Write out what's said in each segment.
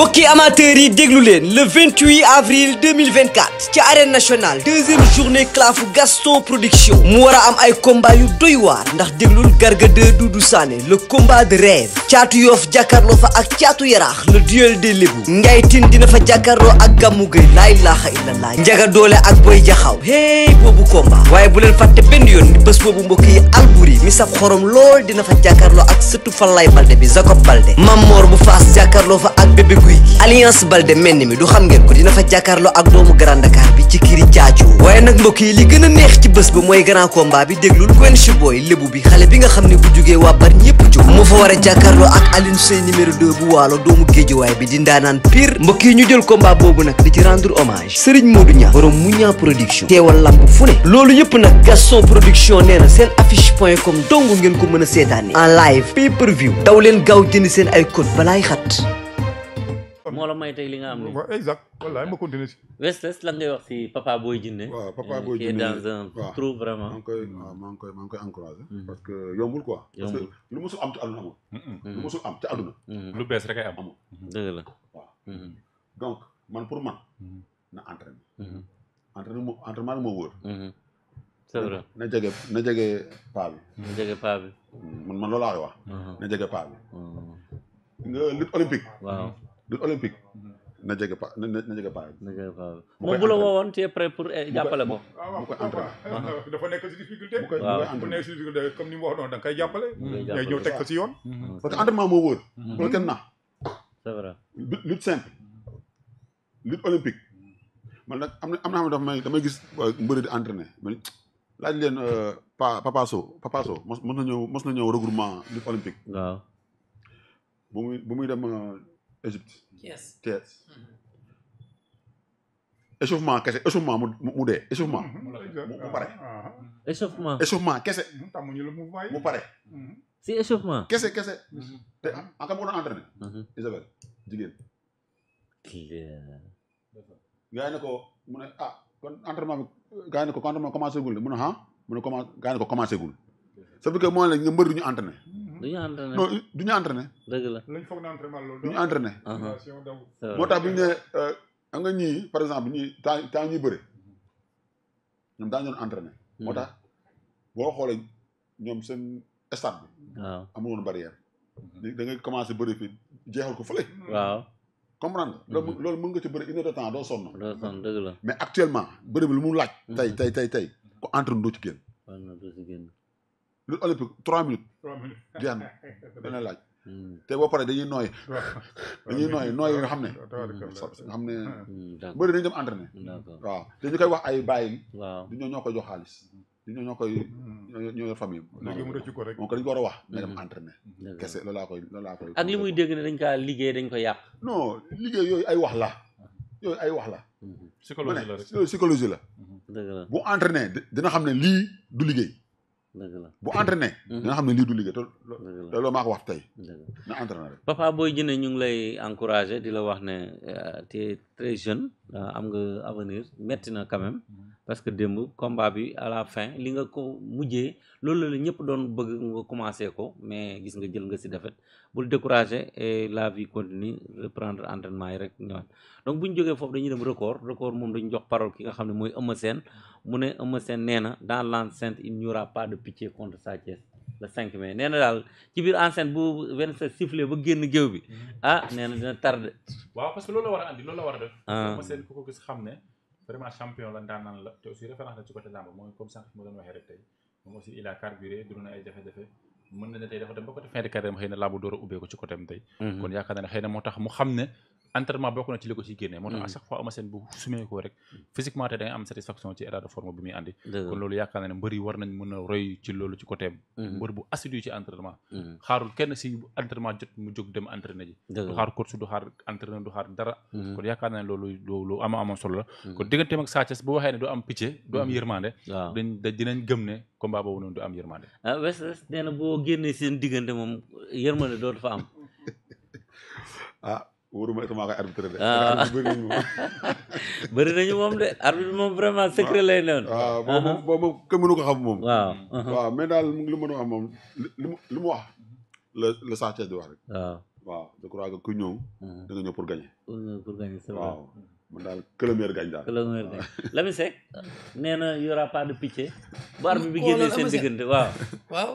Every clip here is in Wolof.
mbokki amateurs yi déglu leen le 28 avril 2024 ci arène nationale deuxième journée clafu Gaston production mu war a am ay combat yu doy waar ndax déglul Garga 2 Doudou Sané le combat de rêve caatu Yoff jàkkarloo fa ak caatu yaraax le duel des lébu Ndiaye Tine dina fa jàkkaarloo ak gàmmu Gamou Gueye laa ilaaha illallaah njaga doole ak boy jaxaw hey boobu combat waaye bu leen fàtte benn yoon bés boobu mbokk yi Albouri mi sab xorom lool dina fa jàkkaarloo ak sëtu Falaye Balde bi Jacob Balde Mamor bu Faas jàkkaarloo fa ak bébé guy gi alliance Baldé mel mi du xam ngeen ko dina fa jàkkaarloo ak doomu Grand Dakar bi ci kiri caacu waaye nag mbokk yi li gën a neex ci bés ba mooy grand combat bi déglul Gwen Shiboy lébu bi xale bi bu jugee a jàkkaarloo ak Alioune Seye numéro 2 bu waalo doomu géejuwaay bi di ndaanaan mbokk yi ñu jël combat boobu nag di ci rendre hommage Serigne Modou Niang borom Mouniang production teewal lamb fu ne loolu yëpp nag Gaston production nee na affiche point dong ngeen ko mën a seetaane en live pay view daw leen gaaw jënd seen moo la may tey li nga am ni exact wallaay ma continuer si west west lan ngay wax si Papa Boy Djiné waaw Papa Boy Djiné dans un trou vraiment maa ngi koy waaw maa ngi koy maa ngi koy encouragé mm-hmm. parce que yombul quoi parce que lu musul am ci àdduna amul mm-hmm. lu musul am ci àdduna mm-hmm. lu bees rek ay am amul dëgg la waaw donc man pour man na entraîné entraîné mo entraînement moo wóor c'est vrai na jege na jege paa bi na jege paa bi man man loolu laa wax na jege paa bi nga lutte olympique waaw du olympique. Mm-hmm. na jege pa na na jege paa bi. moom bu la woowoon tu es prêt pour eh, jàppale ko. bu ko ah, entraîné ah, dafa nekk si difficulté. bu koy bu ah. nekk comme ni mu wax koy mm-hmm. jàppale. ngay ñëw teg ko si yoon. Mm-hmm. parce que entraînement moo wóor. bu la kenn na. c'est vrai lutte simple. man nag am na am na xam ne dafa may damay gis mbëri di entraîné man laaj leen euh, Pa Papa Sow Papa Sow mos na ñëw mos na ñëw regroupement lutte olympique. waaw bu muy bu muy dem. Euh, Égypte. Thiès Thiès. Mm-hmm. échauffement kese échauffement mu mu dee échauffement. Mm-hmm. mu pare. Ah. échauffement échauffement kese. Mm-hmm. mu pare. si échauffement. kese kese. te en cas mu doon entraîné. Isabelle jigéen. gaa yi ne ko mu ne ah kon entraînement bi gaa yi ne ko entraînement commencé gul de mu ne ah mu ne commencé gaa yi ne ko commencé gul. ça veut dire que moo ne nga mbër du ñu entraîné. du ñu entraîné non du ñu entraîné. dëgg la luñ foog ne entraînement loolu. du ñu entraîné. moo tax bu ñu nee euh, xam nga ñii par exemple ñii temps temps ñuy bëre ñoom daañu doon moo tax boo xoolee ñoom seen stade bi. waaw amul woon barrière. da ngay commencé bëri fii ko fële. Mm-hmm. waaw. comprendre loolu mm-hmm. loolu mën nga ci bëri une heure de temps doo sonn. la mais actuellement bëri lu mu laaj. tey mm-hmm. tey tey tey ko entraîné doo ci génn. lutte olympique trois minutes. trois minutes jeex na laaj. Hmm. te boo paree dañuy nooy. dañuy nooy nooy nga xam ne. Hmm, nga xam ne. Hmm. bëri dañu dem entraîné. waaw te ñu koy wax ay baay du ñoo ñoo koy jox xaalis. du ñoo ñoo koy. ñoo yor famille am. léegi mu rëcc ko rek moom ko dañu ko war a wax. na dem entraîné. kese loolu laa koy loolu ak li muy dégg ne dañ kaa liggéey dañ ko yàq. non liggéey yooyu ay wax la. yooyu ay wax la. psychologie la la. dëgg la bu entraîné dina xam ne lii du liggéey. bu entraîné. Mhm. nga xam ne lii du liggéey te loolu maa ko wax tey. na entraîné rek. booy Boy Djiné ñu ngi lay encouragé di la wax ne euh, tu es très jeune euh, am nga avenir metti na quand parce que démb combat bi à la li nga ko mujjee loolu la ñëpp doon bëgg nga commencé ko mais gis nga jël nga si defet bul décourager et la vie continue yi rek ñëwaat bu ñu jógee foofu dañuy dem record record moom dañu jox parole ki nga xam ne mooy Eumeu Sène mu ne Eumeu Sène nee na dans l'enceinte il n'y aura pas de pitié contre Sa Thiès le 5 mai nee daal ci biir enceinte bu wenn sa sifflet ba génn géew bi mm. ah dina tardé. waaw parce que loolu la war a andi loolu la war a def. Ah. Eumeu Sène ku vraiment champion la ndaanaan la te aussi référence la ci côté làmb mooy comme sànq fi ma doon waxee rek moom aussi il a carburé dund na ay jafe-jafe na ne tey dafa dem ba fin de carrière xëy na làmb door a ubbeeku ci côté am tey mhm. kon yaakaar naa ne moo tax mu xam ne entraînement bokk na ci li ko ciy génnee moo tax a mm. chaque fois ama seen bu sumee rek physiquement te da am satisfaction ci état de forme bi muy andi kon loolu yaakaar na ne mbër yi war nañ mën a roy ci loolu ci côté mm-hmm. mbër bu assidu ci entraînement mm-hmm. xaarul kenn si entraînement jot mu jóg dem entraîner ji du xaar coach du xaar entraîneur du xaar dara mm-hmm. kon yaakaar na ne loolu loolu ama amoon solo la kon digganteem ak Sa Thiès waxee ne du am pitié du am yërmande dañ da dinañ gëm ne combat boobu noonu du am yërmande ah nee na boo génnee moom yërmande dootu fa am ah, wóoruma itam maa koy arbitré de. Ah. bëri nañu moom de arbitre moom vraiment secret lay noonu. waaw boobu uh-huh. boobu kenn mënu ko xam moom. waaw uh-huh. waaw mais daal li mu mën a wax moom la la Sa Thiès di wax rek. waaw waaw je ku ñëw. Uh-huh. da nga ñëw pour gagner. pour gagner daal que le meilleur gagne daal. que na y aura pas de seen diggante waaw. waaw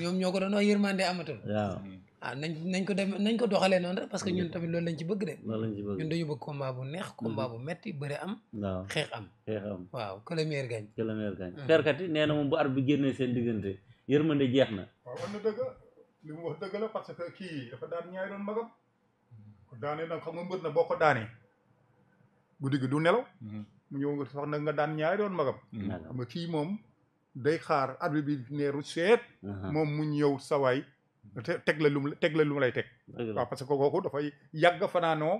ñoom ñoo ko doon wax yërmande amatul. waaw. Hmm. ah nañ nañ ko dem nañ ko doxalee noonu rek parce que ñun tamit loolu lañ ci bëgg de. loolu lañ ci bëgg ñun dañu bëgg combat bu neex. Mm-hmm. combat bu metti bëre am. xeex am. xeex am waaw que le meilleur gagne. que le mm-hmm. yi nee na moom bu arbitre bi génnee seen diggante yërmande ma na. waaw na dëgg li mu dëgg la parce que kii dafa daan ñaari doon magam ko daanee xam nga mbër na boo ko daanee guddi gi du nelaw. Mm-hmm. mu ñëw nga nag nga daan ñaari doon magam. xam nga kii moom day xaar arbitre bi neeru seet. Uh-huh. moom mu ñëw sawaay teg la lum teg la lum lay teg waaw parce que kooku dafay yàgg fanaanoo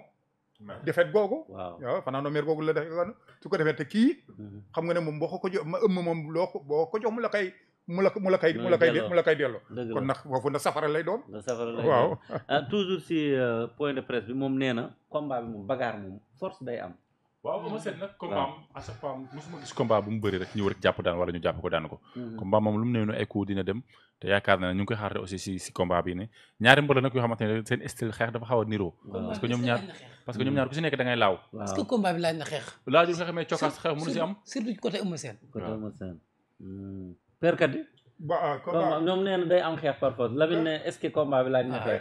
defet googu waaw fanaanoo mer googu la defet su ko defee te kii mm-hmm. xam nga ne moom boo ko jox ma ëmm moom loo boo ko jox mu la kay mu la mu la kay mu la kay mu la kay delloo kon nag foofu na safara lay doon waaw ah, toujours si euh, point de presse bi moom nee na combat bi moom bagaar moom force day am waaw Eumeu Sène nag combat am à chaque fois gis combat bu bëri rek ñëw rek jàpp daan wala ñu jàpp ko daan ko mhm. combat moom lu mu neenu ay coups dina dem te yaakaar na ne koy xaarate aussi si si combat bi ne ñaari mbër la nag yoo ne seen style xeex dafa xaw a niroo parce que ñoom ñaar parce que ñoom ñaar ku si nekk da laaw parce que combat bi xeex laajul xeex mais cokkaas xeex mënu si am surtout côté Eumeu Sène côté Eumeu Sène hmm. ba combat ñoom nee na day am xeex par force Lamine ne est-ce que combat laaj na xeex.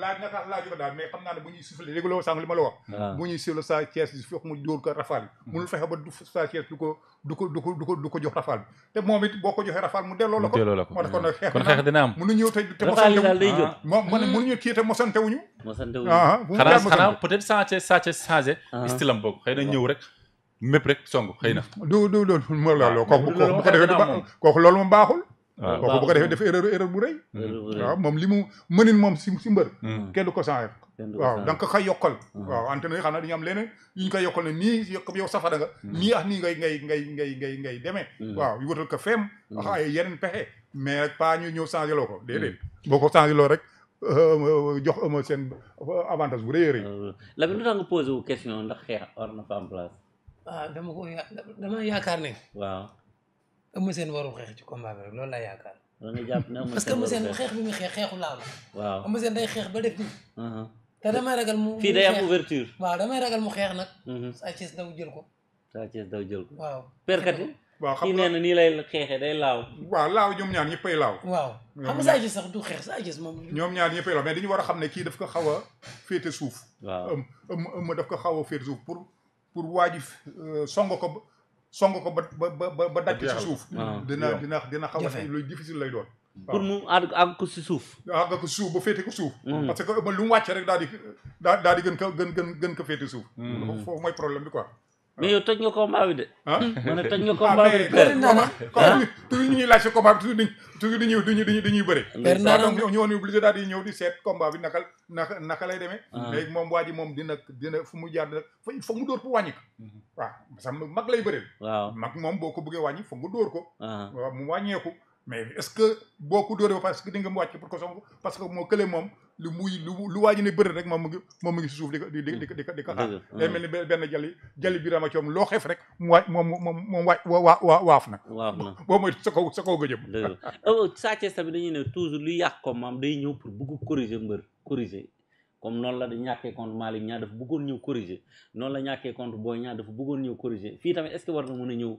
laaj na xeex laaju ko daal mais ma la wax. bu ñuy soufflé Sa mu dóor ko rafal bi. fexe ba du Sa Thiès du ko du ko du ko du ko ko jox rafal te moom it boo ko joxee mu delloo la ko. mu delloo la ko moo tax kon nag xeex. kon xeex dina am mënuñu ñëw te te mosante wu moom man mënuñu kii te mosante wuñu. xëy na du du loo kooku kooku ko kooku loolu moom baaxul waaw ko defee def erreur mm-hmm. erreur bu rëy. waaw moom li mu mënin moom si si mbër. Mm-hmm. kenn du ko changé. waaw da nga ko koy yokkal. Mm-hmm. waaw antenne yi xam naa dañu am leneen yu ñu koy yokkal ne nii yokk yow safara nga. nii ak nii ngay ngay ngay ngay ngay ngay demee. waaw yu wutal ko feem. ak ay yeneen pexe. mais rek pas ñu ñëw changé loo ko déedéet. boo ko changé loo rek euh, jox ëmb seen avantage bu rëy a rëy. la bi lu tax nga posé wu question ndax xeex war na fa am place. Ah, dama ko yaakaar ne. Eumeu seen warul xeex ci combat bi rek loolu laa yaakaar. la jàpp ne Eumeu parce que Eumeu Sène xeex bi muy xeex xeexu laamu. waaw ma Sène day xeex ba def nii. Uh-huh. te damay ragal mu. fii day am ouverture. waaw damay ragal mu xeex nag. Uh-huh. Sa Thiès daw jël ko. Sa Thiès daw jël ko. waaw perkat yi. waaw xam nga kii nee na nii lay xeexee day laaw. waaw laaw ñoom ñaar ñëppay laaw. waaw xam nga Sa sax du xeex Sa Thiès moom. ñoom ñaar ñëppay laaw mais dañu war a xam ne kii daf ko xaw a féete suuf. waaw ëm ëm daf ko xaw a féete suuf pour pour waa ji euh, song ko song ko ba ba ba daj ci suuf ah. dina dina dina xaw a luy difficile lay doon pour mu àgg àgg ko si suuf àgg ko suuf ba féete ko suuf mm. parce que lu mu wàcce rek daal di daal di gën ko gën gën gën ko féete suuf mm. foofu mooy problème bi quoi mais yow toj nga combat bi de. ah hmm? ma ne toj nga ah, combat bi de. ah toujours ñuy laaj si combat bi toujours toujours dañuy dañuy dañuy bëre. donc ñu naka naka naka lay demee. Ah. léegi moom waa ji moom dina fu mu jaar dina fa mu dóor pour wàññi ko. Mm-hmm. waaw parce mag lay bëreel. waaw mag moom boo ko bëggee wàññi foog nga dóor ko. Ah. waaw mu wàññeeku. mais est-ce que boo ko dóoree ba parce que di nga mu wàcc pour que soxna parce que moo kële moom lu muy lu lu ne bëri rek moom mu ngi moom mu ngi si suuf di ko di di ni benn jali jali bi a coom loo xef rek mu moom moom moom waaj waa waa waaf na waaf na boo mooy sa kaw sa kaw nga jëm oh, Sa Thiès tamit dañuy ne toujours lu yàq ko maam day ñëw pour bëgg corriger mbër corriger comme noonu la di ñàkkee contre Malick Niang dafa bëggoon ñëw corriger noonu la ñàkkee contre Boy Niang dafa bëggoon ñëw corriger fii tamit est-ce que war na mën a a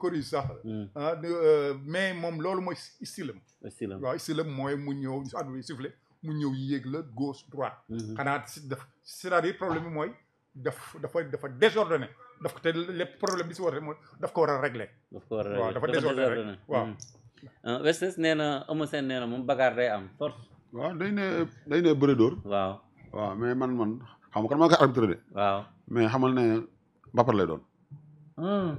corriger hmm. ah, euh, mais moom loolu mooy stylam stylam waaw stylam mooy mu ñëw àdduna bi sifflé mu ñëw yéeg la gauche droite hmm. xanaa daf c'est-à-dire problème bi mooy daf dafa dafa désordonné daf te lépp problème bi si war mooy daf ko war a régler daf ko war a régler dafa désordonné waaw hmm. Ah, Wessex nee na Eumeu Sène nee na moom bagaar day am force. waaw day ne day ne bëre dóor. waaw waaw mais man man xam nga kan maa koy arbitre de. waaw mais xamal ne mbapat lay doon. Hmm.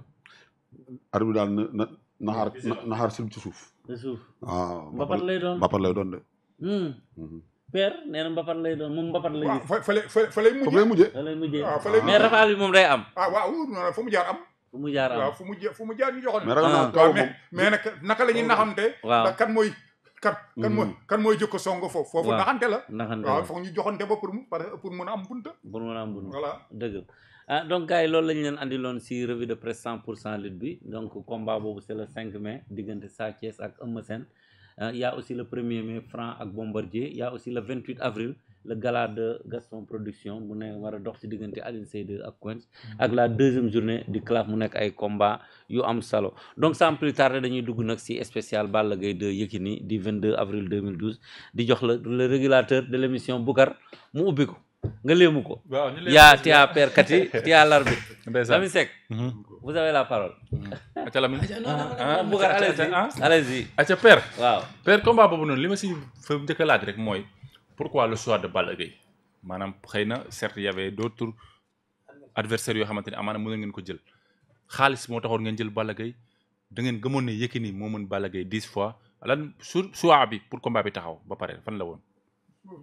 arbitre daal na na naxaar naxaar sëb ci suuf. ci suuf waaw. mbapat lay doon mbapat lay doon de. Hmm. Mhm. père nee na mbapat lay doon moom mbapat lay. waaw fa fa fa lay mujjee fa lay mujjee. fa lay mujjee ah, mais rafaal bi moom day am. ah waaw fa mu jaar am. fu mu jaar am waaw fu mu mu jaar ñu joxoon mais ragal ah. mais mais naka la ñuy naxante waaw kan mooy kan kan mm. kan mooy jëkk song foofu foofu naxante la naxante waaw foog ñu joxante ba pour pour mën a am bunta dëgg ah donc gars yi loolu la ñu leen andiloon si revue de presse 100 pour cent lutte bi donc combat boobu c'est le cinq mai diggante Sa Thiès ak Eumeu Sène ah, y a aussi le premier mai Franc ak Bombardier y a aussi le 28 avril le gala de Gaston Production mu ne war a dox ci diggante Aline Seyde ak Quench mm-hmm. ak la deuxième journée di CLAF mu nekk ay combat yu am solo donc sans plus tarder dañuy dugg nag si ci spécial Balla Gaye 2 Yékini di 22 avril 2012 di jox la le régulateur de l'émission Boucar mu ubbi ko nga léemu ko yaa tia perkat yi tia larbi Lamine Seck mm-hmm. vous avez la parole mm-hmm. aca Lamine ah, Boucar allez waaw père combat boobu noonu li ma si fa njëkk a rek mooy pourquoi le choix de Balla Gaye maanaam xëy na certes y avait d'autres adversaires yoo xamante ne amaana mën ngeen ko jël xaalis moo taxoon ngeen jël Balla Gaye da ngeen gëmoon ne Yékini moo mën Balla Gaye dix fois lan su choix bi pour combat bi taxaw ba pare fan la woon. du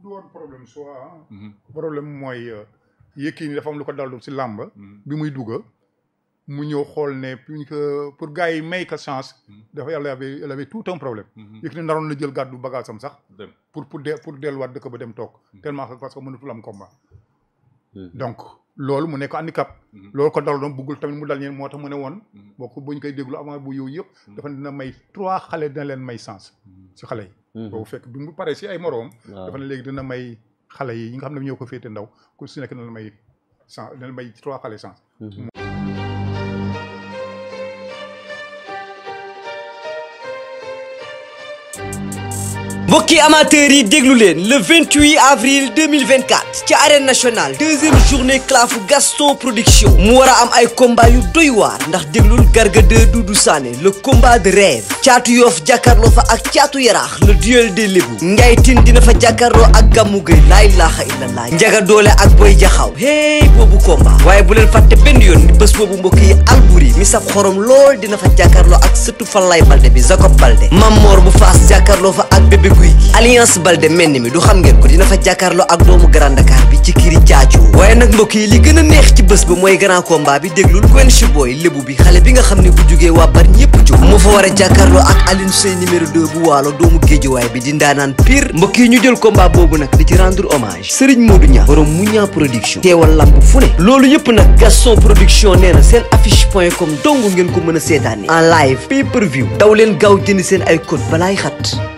du woon problème ah. mhm. mooy euh, Yékini dafa am lu ko daldu ci mhm. bi muy dugg mu ñëw xool ne pour que pour gars yi may ko chance mhm. dafa yàlla avait il avait tout un problème mhm. Yékini naroon na jël gàddu bagage am sax pour pour de pour delluwaat dëkk ba dem toog mhm. tellement parce que mënatul am combat mhm. donc loolu mu nekk handicap loolu ko daloon buggul tamit mu dal ñeen moo tax mu ne woon boo ko buñ koy déglu avant bu yow yëpp dafa ne dina may trois xale dina leen may sens si xale yi boobu fekk bi mu paree si ay moroom dafa ne léegi dina may xale yi ñi nga xam ne ñoo ko féete ndaw ku si nekk dina may sens dina may trois xale sens mbokki amateurs yi déglu leen le 28 avril 2024 ci arène nationale deuxième journée clafu Gaston production mu war a am ay combat yu doy waar ndax déglul Garga 2 Doudou Sané le combat de rêve caatu Yoff jàkkarloo fa ak caatu yaraax le duel des lébu Ndiaye Tine dina fa jàkkaarloo ak gàmmu gi Gueye laa ilaaha illallaah Njaga Doole ak Boy Jaxaw hey boobu combat waaye bu leen fàtte benn yoon bés boobu mbokk yi Albouri mi sab xorom lool dina fa jàkkaarloo ak sëtu Falaye Balde bi Jacob Balde Mamor bu Faas jàkkaarloo fa ak guy gi alliance Baldé mel ni mi du xam ngeen ko dina fa jàkkaarloo ak doomu Grand Dakar bi ci kiri caacu waaye nag mbokk yi li gën a neex ci bés ba mooy grand combat bi déglul Gwen Chiboy lébu bi xale bi xam ne bu jugee waa bar ñëpp jóg moo fa war a jàkkaarloo ak Alioune Seye numéro 2 bu waalo doomu géejuwaay bi di ndaanaan pire yi ñu jël combat boobu nag di ci rendre hommage Serigne Modou Niang borom Mouniang production teewal lamb fu ne loolu yëpp nag Gaston production nee na affiche point dong ngeen ko mën a seetaane en live pay per view daw leen gaaw jënd seen ay